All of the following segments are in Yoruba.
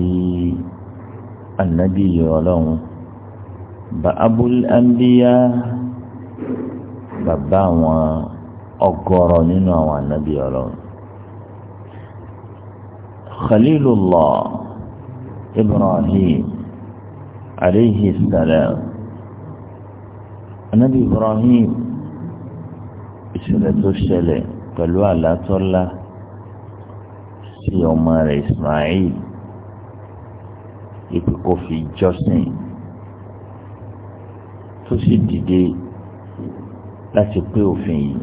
sí anabi ọlọ́run bá abul anbiya bàbá àwọn ọ̀gọ̀rọ̀ nínú àwọn anabi ọlọ́run khalilullah ibrahim aleyhi salam anabi ibrahim ìṣẹ̀lẹ̀ tó ṣẹlẹ̀ pẹ̀lú àlátọ́lá sí ọmọ rẹ̀ ismail ipe kò fi jọ́sìn tó sì dìde láti pé òfin yìí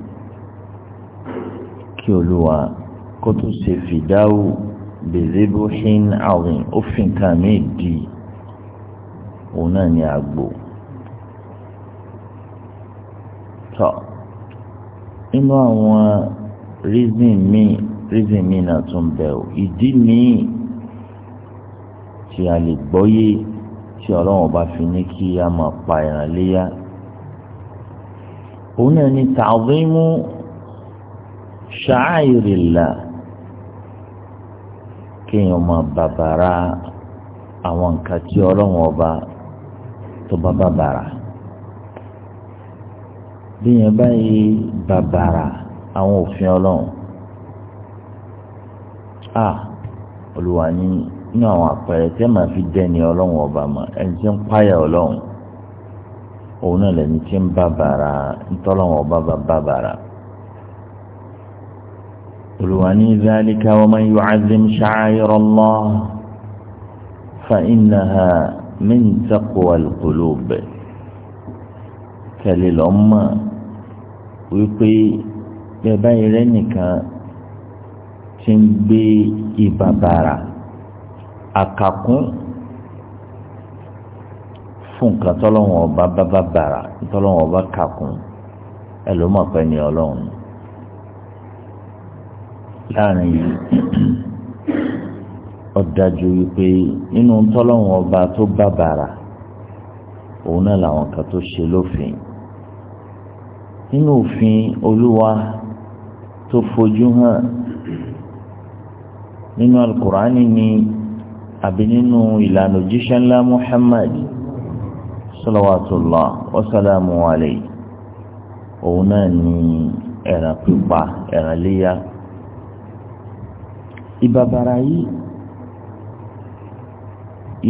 kí olúwa kó tó ṣe fìdáwù bèzébó hin àwìn òfin kan míì di òun náà ní àgbò tọ inú àwọn rízìn míì rízìn míì náà tún bẹ̀ ọ́ ìdí míì tí a lè gbọ́yé tí ọlọ́run bá fi ní kí a máa pa ẹran léyà òun náà ni ta'zimu sha'airillah kéèyàn máa bàbàrà àwọn nǹkan tí ọlọ́run ọba tó bá bàbàrà bí yẹn báyìí bàbàrà àwọn òfin ọlọ́run a olùwà ní nínú àwọn àpẹẹrẹ tí a máa fi dẹ́ni ọlọ́run ọba mọ̀ ẹni tí ń páyà ọlọ́run òun náà lẹni tí ń bá bàrà ntọ́lọ́run ọba bá bàrà. olùwà ní zálíkà wa man yu'azzim sha'air Allah fa innaha min taqwal qulub kẹlẹ́ lọ́mọ wípé bẹ́ẹ̀ báyìí rẹ́ nìkan ti ń gbé ìbàbàrà. Akakun fún nǹkan tọ́lọ́wọ́n ọba bábá bàrà tọ́lọ́wọ́n ọba kàkún ẹlòmọ̀pẹ́ ni ọlọ́run láàrin yìí ó dájú wípé nínú tọ́lọ́wọ́n ọba tó bá bàrà òun náà làwọn kan tó ṣe lófin nínú òfin olúwa tó fojú hàn nínú alukur'ani ni àbí nínú ìlànà òjíṣẹ́ ńlá Muhammad salawatullah wa salamu alayhi òun náà ní ẹ̀ràn pípa ẹ̀ràn léyà ìbàbàrà yìí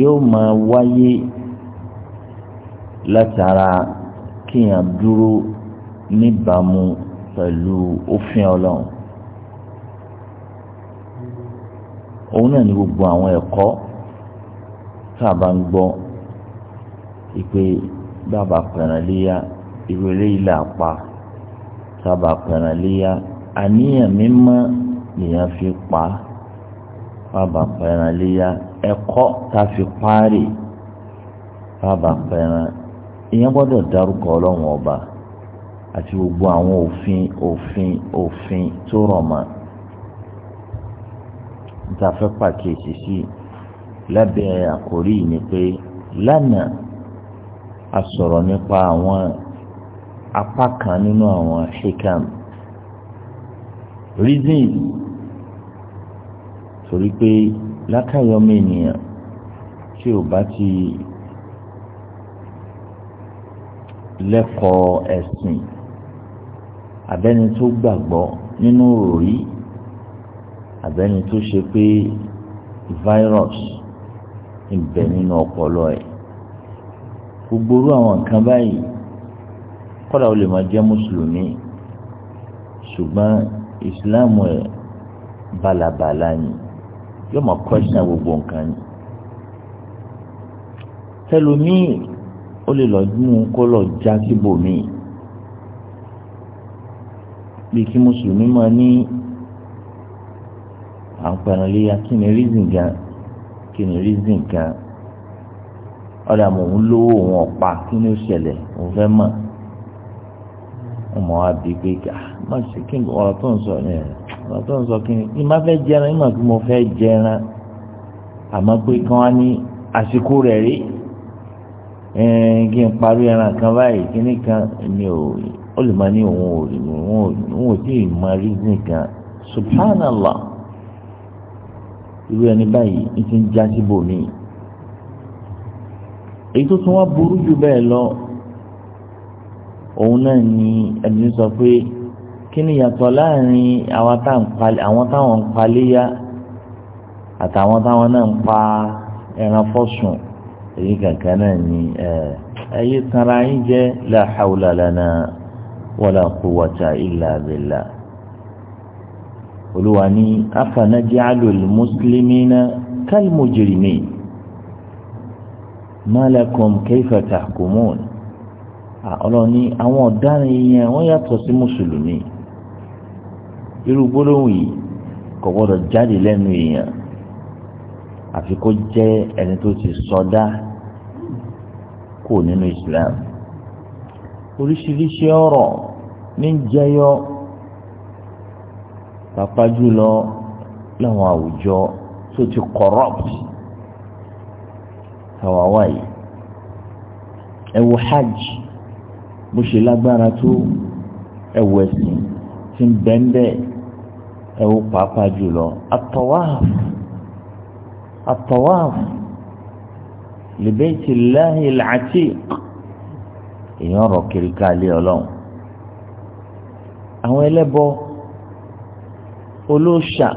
yóò máa wáyé látara kíyàn dúró níbàámu pẹ̀lú òfin ọlọ́run òun náà ni gbogbo àwọn ẹ̀kọ́ tá a bá ń gbọ́ ìpè bàbá pẹ̀ràn léyà irú eléyìí fi pa bàbá pẹ̀ràn ẹ̀kọ́ tá a fi parí bàbá pẹ̀ràn gbọ́dọ̀ dárúkọ ọlọ́run ọba àti gbogbo àwọn òfin òfin òfin tó rọ̀ mọ́. tá a fẹ́ pàkíyèsí sí lábẹ́ àkórí ni pé lánàá a sọ̀rọ̀ nípa àwọn apá kan nínú àwọn hikam reason torí pé lákàyọ́mọ ènìyàn tí ò bá ti lẹ́kọ̀ọ́ ẹ̀sìn abẹ́ni tó gbàgbọ́ nínú òrí. No àbẹ́ni tó ṣe pé virus ń bẹ nínú ọpọlọ ẹ̀ gbogbo orú àwọn nǹkan báyìí kọ́dà ó lè máa jẹ́ mùsùlùmí ṣùgbọ́n ìsìláàmù ẹ̀ balabala ni yóò máa kọ́ṣínà gbogbo nǹkan ni tẹlomiì ó lè lọ mú un kó lọ já síbòmíì bí kí mùsùlùmí máa ní à ń pẹran léyà kí ni reason gan kí ni reason gan ọ̀dà mò ń lówó òun ọ̀pá kí ni ó ṣẹlẹ̀ òun fẹ́ mọ̀ ọmọ wa bí pé ká ah, má ṣe kí ni ọ̀rọ̀ tó ń sọ ẹ̀ ọ̀rọ̀ tó ń sọ kí ni ní má fẹ́ jẹran ní má fi mo fẹ́ jẹran àmọ́ pé kí á ní àsìkò rẹ̀ rí kí n parí ẹran kan báyìí kí ni kan mi ò ó lè máa ní òun ò rí òun ò tí ì mọ rí nìkan subhanallah irú ẹni báyìí ń ti ń já síbò míì èyí tó tún wá burú jù bẹ́ẹ̀ lọ òun náà ni ẹni sọ pé kí ni yàtọ̀ láàrin àwọn táwọn ń paléyà àtàwọn táwọn náà ń pa ẹran fọ́sùn èyí kankan náà ni ẹyẹ tanra yín jẹ́ la hawla lana wala quwwata illa billah olúwa ní afanaj'alu al-muslimina kal-mujrimin ma lakum kayfa tahkumun ọlọ́run ní àwọn ọ̀daràn yẹn wọ́n yàtọ̀ sí mùsùlùmí irú gbólóhùn yìí kò gbọ́dọ̀ jáde lẹ́nu èèyàn àfi kó jẹ́ ẹni tó ti sọdá kò nínú Islam oríṣiríṣi ọ̀rọ̀ ní jẹyọ pàápàá jùlọ láwọn àwùjọ tó ti corrupt àwàwá yìí ẹ wo hajj bó ṣe lágbára tó ẹ wo ẹ̀sìn tí ń bẹ́ẹ̀ bẹ́ẹ̀ ẹ wo pàápàá jùlọ atọ́wáàf atọ́wáàf lèbẹ́ẹ̀tì làtí èèyàn rọ̀ kiri káàlì ọlọ́run àwọn ẹlẹ́bọ olóòṣà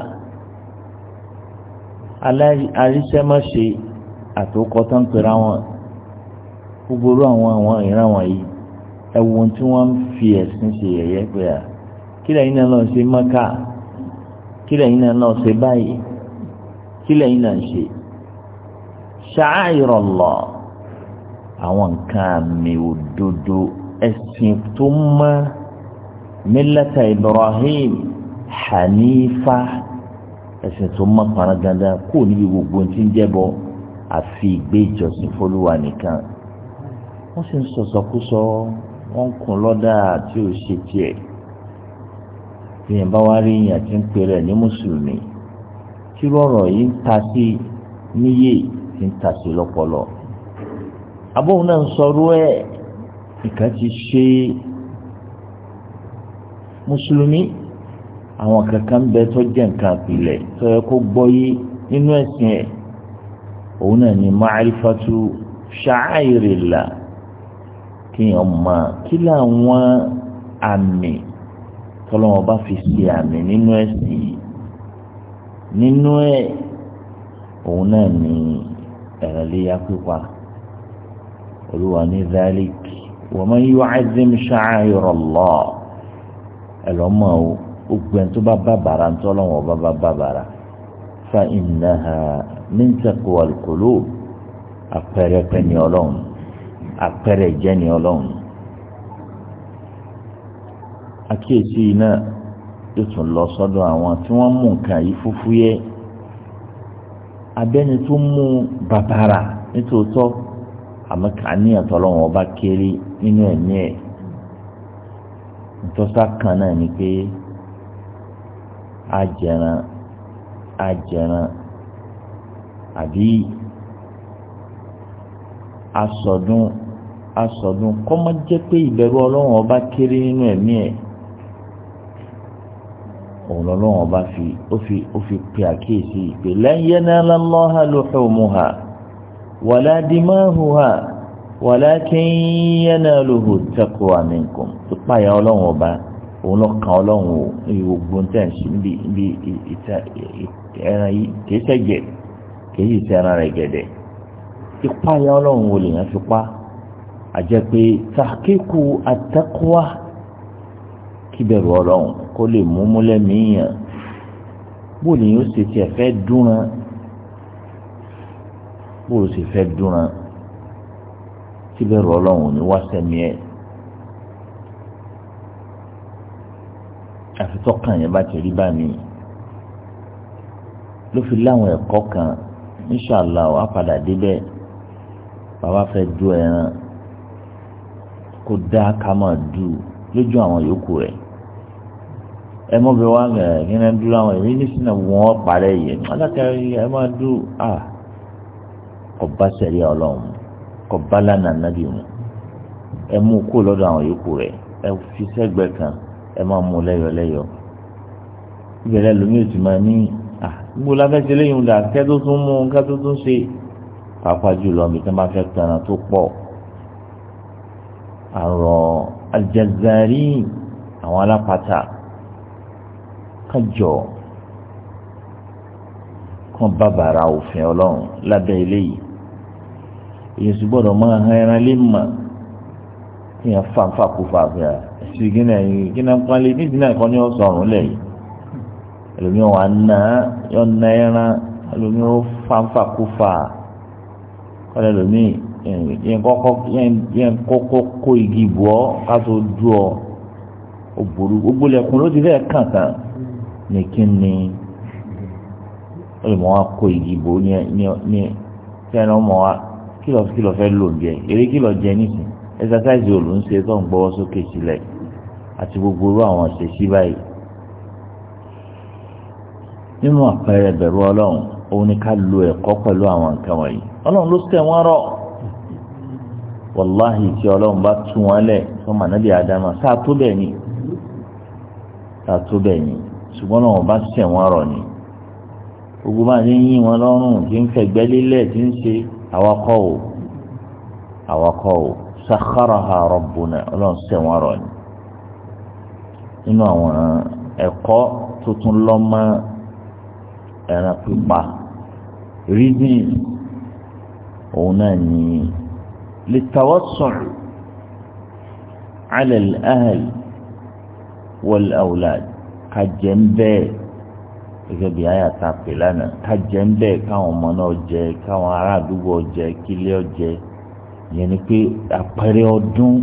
aríṣẹ́mọ̀ṣe àtòkọ́ tó ń pera wọn gbogbo àwọn àwọn ìran wọ̀nyí ẹ̀wọ̀n tí wọ́n ń fi ẹ̀sìn ṣe yẹ̀yẹ́ pé à kí lẹ́yìn náà lọ́ọ́ ṣe mọ́kà kí lẹ́yìn náà lọ́ọ́ ṣe báyìí kí lẹ́yìn náà ṣe ṣááìrọ̀lọ́ àwọn nǹkan àmì òdodo ẹ̀sìn tó mọ́ mílẹ̀tà Ibrahim hanifa ẹ̀sìn tó mọ́ paraganda kó níbi gbogbo tí ń jẹ́bọ àfi ìgbé ìjọsìn fọlúwa nìkan wọ́n sì ń sọ̀sọ̀kúsọ wọ́n ń kun lọ́dà tí ò ṣe tiẹ̀ èèyàn bá wá rí èèyàn tí ń pè rẹ̀ ní mùsùlùmí tí rọ̀rọ̀ yìí ń ta sí níyè tí ń ta sí lọ́pọlọ abóhùn náà ń sọrú ẹ̀ ìkà ti ṣe mùsùlùmí àwọn kankan bẹ tó jẹ́ nǹkan pilẹ̀ tó yẹ kó gbọ́ yé nínú ẹ̀sìn ẹ̀ òun náà ni ma'rifatu sha'airillah kéèyàn mọ kí làwọn àmì tọ́lọ́wọ́n bá fi ṣe àmì nínú ẹ̀sìn yìí nínú ẹ̀ òun náà ni ẹ̀rẹ̀lẹ́yà pípa olúwa ní zálíkì wa man yu'azzim sha'air Allah ẹ̀lọ́mọ́ o gbogbo ẹni tó bá bá bàrà ń tọ́lọ́wọ́n bá bá bá bàrà fa innaha min taqwal qulub àpẹẹrẹ pẹ́ni ọlọ́run àpẹẹrẹ ìjẹ́ni ọlọ́run. àkíyèsí náà yóò tún lọ sọ́dọ̀ àwọn tí wọ́n mú nǹkan yìí fúfúyẹ́ abẹ́ni tó mú bàbàrà nítòótọ́ àmọ́ kàníyàn tọ́lọ́wọ́n ọba kéré nínú ẹ̀mí ẹ̀ ntọ́sá kan náà ni pé ajẹran ajẹran àbí asọdún asọdún kọ́mọ jẹ́ pé ìbẹ̀rù ọlọ́run ọba kéré nínú ẹ̀mí ẹ̀ òun lọ́lọ́run ọba fi ó fi ó fi pe àkíyèsí ìpè lan yanala Allaha luhumuha wala dimahuha walakin yanaluhu taqwa minkum tó pààyà ọlọ́run ọba. òun lọ kan ọlọ́run o níbi gbogbo sí níbi níbi ìta yìí kìí kìí sẹ́ ya ọlọ́run wo lèèyàn fi pa àjẹ́ pé tàkíkù àtẹ́kùwá kíbẹ̀rù ọlọ́run kó lè mú múlẹ̀ míyàn bó lèyìn ó ṣe tiẹ̀ fẹ́ dúnran bó ló fẹ́ ọlọ́run ò ní wá sẹ́mi ẹ̀. àfitọ́kàn yẹn bá ti rí bá mi ló fi láwọn ẹ̀kọ́ kan inṣàlá wàá padà débẹ̀ bàbá fẹ́ du ẹran kó dá ká máa du lójú àwọn yòókù rẹ̀ ẹ mọ bí wọn ẹ nínú dúró àwọn èmi nísìnyí wọn parẹ́ yìí alákàrí ẹ máa dúró à kò bá sẹ̀rí ọlọ́run kò bá lánàá nábì mu ẹ mú kó lọ́dọ̀ àwọn yòókù rẹ̀ ẹ fi sẹ́gbẹ̀ẹ́ kan ẹ máa mú lẹ́yọ̀ lẹ́yọ̀ ìbẹ̀rẹ̀ lómi ò ti máa ní gbogbo láfẹsẹ lẹ́yìn ọdà kẹ tó tún mú kẹ tó tún ṣe pàápàá jùlọ bí tẹ́ bá fẹ́ tẹ̀ràn tó pọ̀ àrò àjẹzàrí àwọn alápàtà kájọ kan bàbàrà òfin ọlọ́run lábẹ́ eléyìí èyí sì gbọ́dọ̀ máa han ẹran lé mà kí yẹn fàǹfà kó fàáfẹ́ rẹ̀ sí gínà yìí gínà pálí ní gínà kan ní ọ̀sán ọ̀run lẹ̀ yìí ẹlòmíì na, ná yọ ná ẹran ẹlòmíì ó fanfa kú fa kọ́lẹ̀ ẹlòmíì yẹn kọ́kọ́ kó igi bù ọ́ ká tó dù ọ́ ó burú gbogbo lẹ́kùn ló ti fẹ́ kàn kàn ní kí ni ẹlòmíì wà kó igi bù ní ní tí ẹni ọmọ wa kí lọ fẹ́ lò ń jẹ eré kí lọ jẹ nísìnyí exercise olùń ṣe tó ń gbọ́wọ́ àti gbogbo irú àwọn ṣèṣí báyìí nínú àpẹẹrẹ bẹ̀rù ọlọ́run òun ni ká lo ẹ̀kọ́ pẹ̀lú àwọn nǹkan wọ̀nyí ọlọ́run ló tẹ̀ wọ́n rọ̀ wàláhì tí ọlọ́run bá tú wọn lẹ̀ fún mànábì àdámà sáà tó bẹ́ẹ̀ ni sáà tó bẹ́ẹ̀ ni ṣùgbọ́n ọlọ́run bá tẹ̀ wọ́n rọ̀ ni gbogbo máa ní yín wọn lọ́rùn tí ń fẹ̀gbẹ́ lílẹ̀ tí ń ṣe àwakọ̀ o àwakọ̀ o sakharaha rabbuna ọlọ́run tẹ̀ wọ́n rọ̀ ni nínú àwọn ẹ̀kọ́ tuntun lọ́mọ ẹran pípa rídìn òun náà ní lìtàwọ́sùn alẹ́ ahẹ́l wọlé àwùlà kàjẹ́ ń bẹ́ẹ̀ gẹ́gẹ́ bí àyà ta pè lánàá kájẹ́ ń bẹ́ẹ̀ káwọn ọmọ náà jẹ káwọn ará àdúgbò jẹ kílé ọjẹ yẹn ni pé àpẹẹrẹ ọdún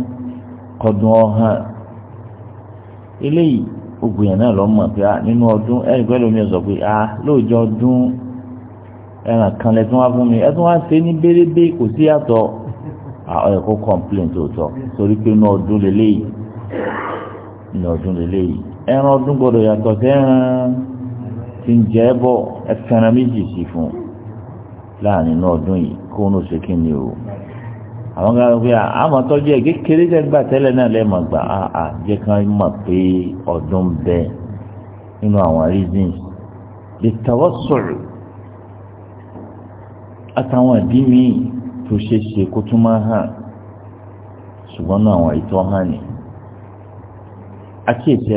kọdún ọhàn eléyìí gbogbo yẹn náà lọ mọ̀ pé a ah, nínú ọdún ẹ̀rí pẹ́ lómi sọ pé a ah, lóòjọ́ ọdún ẹran kan lẹ́tún wá fún mi ẹtún wá ṣe ní bérebé kò sí yàtọ̀ àwọn ẹ̀kọ́ complain tòótọ́ torí pé inú ọdún lélẹ́yìí inú ọdún lélẹ́yìí ẹran ọdún gbọdọ̀ yàtọ̀ sẹ́ran ti ń jẹ́ bọ̀ ẹ̀fẹ̀ràn méjì sí fún láàrin inú ọdún yìí kó ní oṣù kìíní o. àwọn kan wọ́n fi àmọ́ tọ́jú ẹ̀ kékeré jẹ́ gbà tẹ́lẹ̀ náà lẹ́ẹ̀mọ̀ gbà á jẹ́ kán mọ̀ pé ọdún bẹ nínú àwọn reasons lè tọwọ́ sọ̀rọ̀ àtàwọn ìdí míì tó ṣe ṣe kó tún máa hàn ṣùgbọ́n náà àwọn ìtọ́ hàn ní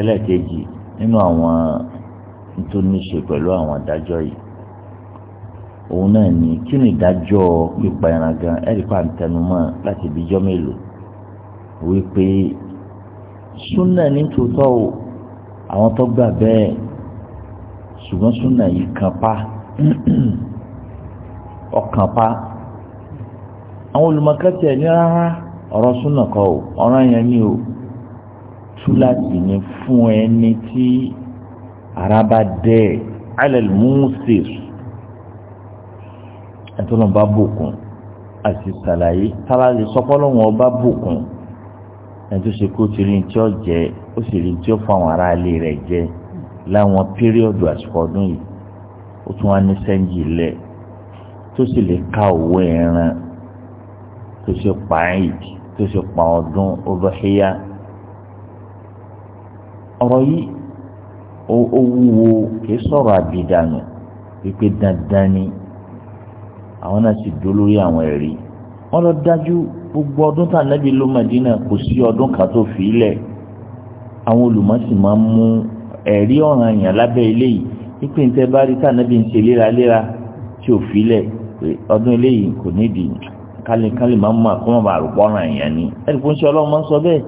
ẹlẹ́ẹ̀kejì nínú òun náà ni kí ni ìdájọ́ pípa ẹran gan ẹ̀rí pa ntẹnumọ́ láti ibi ijọ́ mélòó wípé súnà ní tòótọ́ o àwọn tó gbà bẹ́ẹ̀ ṣùgbọ́n súnà yìí kan pa ọkàn pa àwọn olùmọ̀kẹ́tì ẹ̀ ní rárá ọ̀rọ̀ súnà kọ́ o ọ̀rọ̀ yẹn ni o túláàsì ni fún ẹni tí ara bá dẹ̀ alẹ́ lùmúùsì sùn ẹtọ́nà bá bùkún àti sàlàyé tára lè sọpọ́lọ́ wọn bá bùkún ẹtọ́ ṣe kó ti rí tí ó jẹ ó sì rí tí ó fún àwọn ará ilé rẹ̀ jẹ láwọn píríọ̀dù àsìkò ọdún yìí ó tún wá ní sẹ́ńjì lẹ̀ tó sì lè ká owó ẹran tó ṣe pa ìdí tó ṣe pa ọdún ọlọ́híyá ọ̀rọ̀ yìí ó wúwo kì í sọ̀rọ̀ àbìdànù wípé dandan ni àwọn náà sì dúró lórí àwọn ẹ̀rí wọn lọ dájú gbogbo ọdún tá ànábì ló Mẹdínà kò sí ọdún kan tó fi lẹ̀ àwọn olùmọ̀sí máa ń mú ẹ̀rí ọ̀ràn yàn lábẹ́ ilé yìí wípé níta bá rí tá ànábì ń ṣe léraléra tí ò fi lẹ̀ ọdún eléyìí kò nídìí kálíkálí máa ń mú àkọ́mọ̀ bá àrùpọ̀ ọ̀ràn yàn ni ẹ̀rí kò ń ṣe ọlọ́run máa ń sọ bẹ́ẹ̀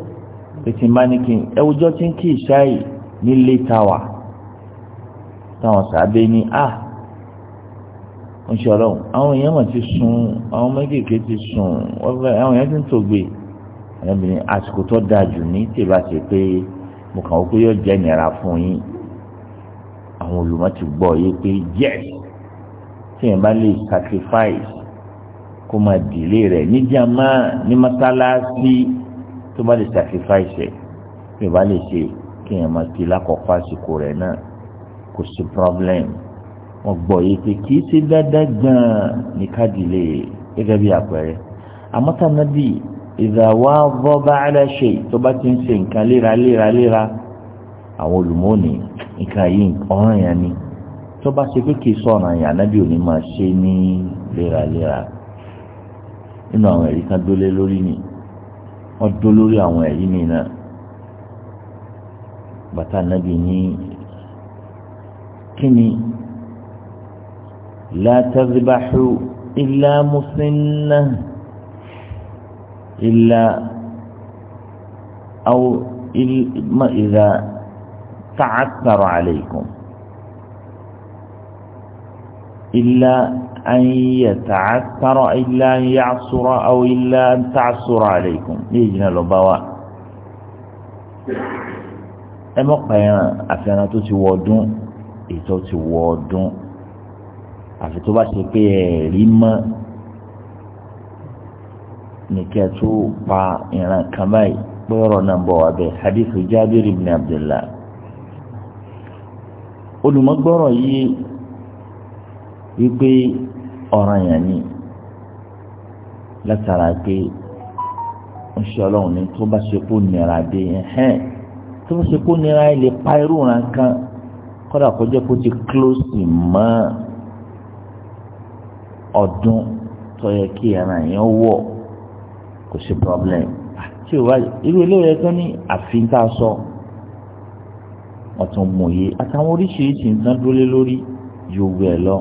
pètè máa ní kí n ẹwùjọ́ tí ń kí ìṣáì nílé táwà táwọn sàábé ní ah ìṣọ̀rọ̀ àwọn èèyàn mà ti sun àwọn méjèèké ti sun àwọn èèyàn ti ń tògbè ẹ̀rọ̀bìnrin àsìkò tó dáa jù ní tèbá ṣe pé mo kàn ó pé yóò jẹ́ ìnira fún yín àwọn olùmọ̀ ti gbọ́ yé pé yes tíyẹn bá lè sacrifice kó máa dìlé rẹ̀ níjàmá ní mọ́sálásí tó bá lè sacrifice ẹ̀ tíyẹn bá lè ṣe kíyẹn máa ti lákọ̀ọ́kọ́ àsìkò rẹ̀ náà kò sí problem wọn gbọ́ yìí pé kì í ṣe dáadáa gan-an ní kádìlé gẹ́gẹ́ bí àpẹẹrẹ àmọ́tàmọ́bì ìdàwà bọ́bá aláṣẹ tó bá ti ń ṣe nǹkan léraléraléra àwọn olùmọ́ọ̀nì nǹkan yìí ọ̀ràn yẹn ni tó bá ṣe pé kì í sọ̀ràn yẹn ànábì ò máa ṣe ní léraléra nínú àwọn ẹ̀rí kan dólé lórí ni wọ́n dó lórí àwọn ẹ̀rí mi náà bàtà ànábì ní kíni. لا تذبح إلا مسنة إلا أو إذا تعثر عليكم إلا أن يتعثر إلا أن يعصر أو إلا أن تعصر عليكم يجنى لبواء أما قيام أفنى توتي دون إتوى دون àfi tó bá ṣe pé ẹ rí mọ́ nìkẹ́ tó pa ìran kan báyìí pé ọ̀rọ̀ náà bọ̀ wá bẹ́ẹ̀ hadithu Jabir ibn Abdullah olùmọ̀gbọ́rọ̀ yìí wípé ọ̀ràn yẹn ni látara pé ń ṣe ọlọ́run ní tó bá ṣe kó nira dé ẹ̀hẹ́n tó bá ṣe kó nira ẹ̀ lè pa irú ìran kan kọ́dà kó kó ti close mọ́ ọdún tó yẹ kí ẹran yẹn wọ̀ kò sí problem tí o wá irú eléyìí ẹ̀tọ́ ní àfin tá a sọ ọ̀tún mòye àtàwọn oríṣiríṣi nǹkan dúró lórí yóò wẹ̀ lọ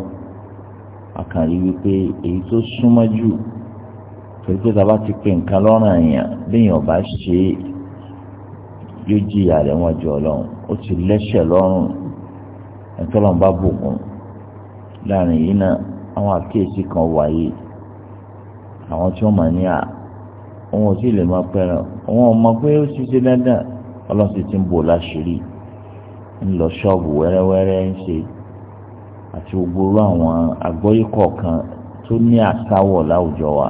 àkàrí wípé èyí tó súnmọ́ jù torí pé tá a bá ti pe nǹkan lọ́rùn àyàn léèyàn bá ṣe é yóò jìyà rẹ̀ wọ́n jọ ọlọ́run ó ti lẹ́sẹ̀ lọ́rùn ẹ̀tọ́ lọ́run bá bùkún láàrin yìí náà àwọn àkíyèsí kan wáyé àwọn tí wọ́n mọ̀ ní à wọn ò sì lè máa pẹ́ràn wọn ò mọ̀ pé ó ṣiṣẹ́ dandan ọlọ́run sì ti ń bò láṣìírí ń lọ ṣọ́ọ̀bù wẹ́rẹ́wẹ́rẹ́ ń ṣe àti gbogbo àwọn àgbọ́yé kọ̀ọ̀kan tó ní àsáwọ̀ láwùjọ wa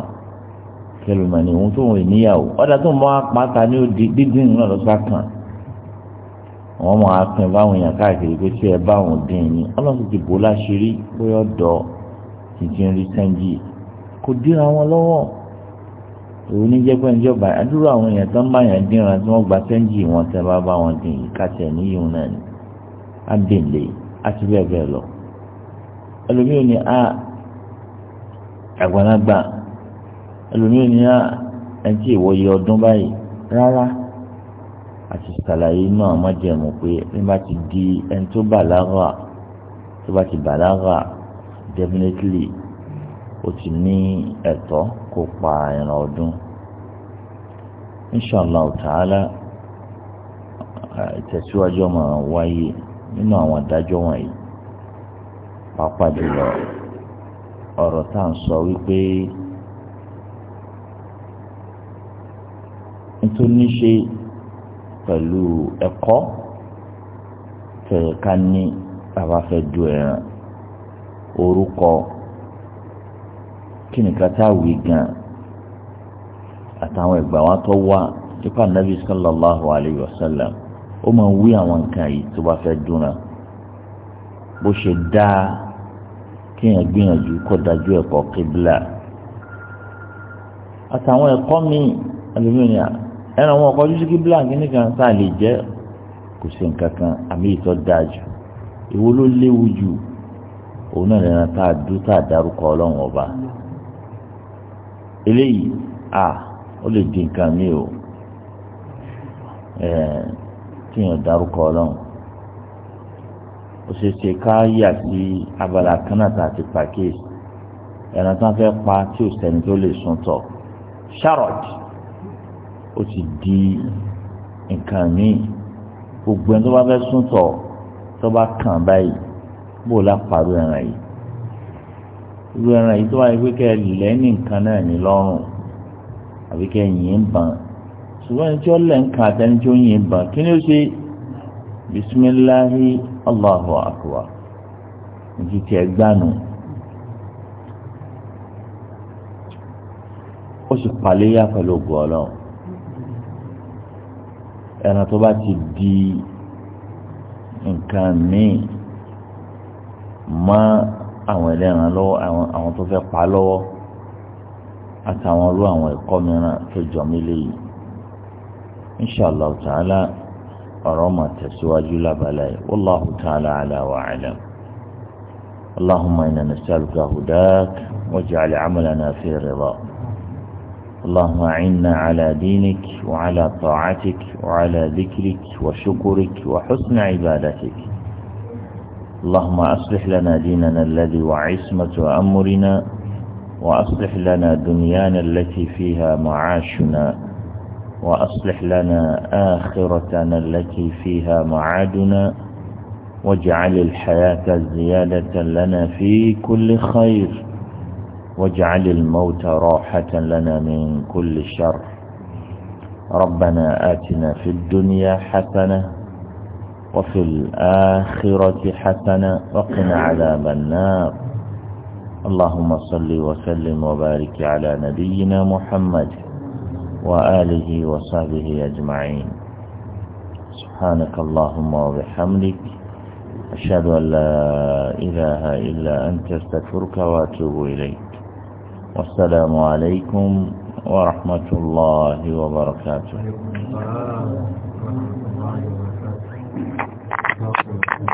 kẹlùmọ̀ ni òun tó ń rìn níyàwó ọ̀dà tó ń bá pàtà ní dídín náà lọ́sà kan wọ́n máa pín báwọn èèyàn káàkiri pé tí ẹ báwọn dín ní ọlọ́run ti bò láṣìírí bóyá ọ̀dọ́ ìjìn rí sẹ́ńjì kò dínra wọn lọ́wọ́ èwo ní jẹ́ pé ń jọba àdúrà àwọn èèyàn tó ń bá yàn dínra tí wọ́n gba sẹ́ńjì wọn tẹ́ bá bá wọn dín ìkàtẹ̀ níyìí náà ni á dìn lé àti bẹ́ẹ̀ bẹ́ẹ̀ lọ ẹlòmíràn ni a àgbàlagbà ẹlòmíràn ni a ẹtí ìwòye ọdún báyìí rárá àti sàlàyé náà má jẹ́ mọ̀ pé bí wọ́n di ẹni tó bàlágà tó bá ti bàlágà definitely o ti ní ẹ̀tọ́ kó pa ẹran ọdún inshallah ta'ala ìtẹ̀síwájú ọmọ wáyé nínú àwọn àdájọ́ wọ̀nyí pàápàá jùlọ ọ̀rọ̀ tá à ń sọ wípé nítorí ní ṣe pẹ̀lú ẹ̀kọ́ tẹ̀ka ní bàbá fẹ́ du ẹran. orúkọ kí n'i a wí gan àtàwọn ìgbà wọn tó nípa nabi sallallahu alayhi wa sallam ó máa wí àwọn nǹkan yìí tó bá fẹ́ dúnra bó ṣe dáa kéèyàn gbìyànjú kó dájú ẹ̀kọ́ kébìlà àtàwọn ẹ̀kọ́ míì ẹlòmíràn ẹran wọn kọjú sí kébìlà kìíní kan sáà lè jẹ́ kò sí nǹkan kan àmì ìtọ́ dáa jù ló léwu òun náà nìyẹn tá a dú tá a dárúkọ ọlọ́run ọba eléyìí a ó lè di nǹkan mi o kíyàn dárúkọ ọlọ́run ó ṣe ṣe ká yà sí abala kanáta àti pàkíyèsí ẹran tó ń fẹ́ pa tí ò sẹ́ni tó lè sun tọ̀ sharod ó ti di nǹkan mi gbogbo ẹni tó bá fẹ́ sun tọ̀ tó bá kàn báyìí. bó la parú ẹran yìí irú ẹran yìí tó wáyé pé kẹ́ lẹ́ni nǹkan náà ní lọ́rùn àbí kẹ́ yìn bàn ṣùgbọ́n ẹni tí lẹ̀ ń àtẹni tí ó yìn bàn kí ni ó ṣe bisimilahi allahu akbar nti tí ẹ ó sì pẹ̀lú ògùn ẹran tó bá ti di nǹkan míì. mọ́ àwọn ẹlẹ́ran lọ́wọ́ àwọn tó fẹ́ pa lọ́wọ́ àtàwọn irú àwọn ẹ̀kọ́ mìíràn tó jọ mí léyìí inshàlá ta'ala ọ̀rọ̀ mà tẹ̀síwájú lábala yìí wàláhu ta'ala àlà wà اللهم إنا نسألك هداك واجعل عملنا في رضاك اللهم أعنا على دينك وعلى طاعتك وعلى ذكرك وشكرك وحسن عبادتك اللهم أصلح لنا ديننا الذي وعصمة أمرنا وأصلح لنا دنيانا التي فيها معاشنا وأصلح لنا آخرتنا التي فيها معادنا واجعل الحياة زيادة لنا في كل خير واجعل الموت راحة لنا من كل شر ربنا آتنا في الدنيا حسنة وفي الآخرة حسنة وقنا عذاب النار اللهم صل وسلم وبارك على نبينا محمد وآله وصحبه أجمعين سبحانك اللهم وبحمدك أشهد أن لا إله إلا أنت استغفرك وأتوب إليك والسلام عليكم ورحمة الله وبركاته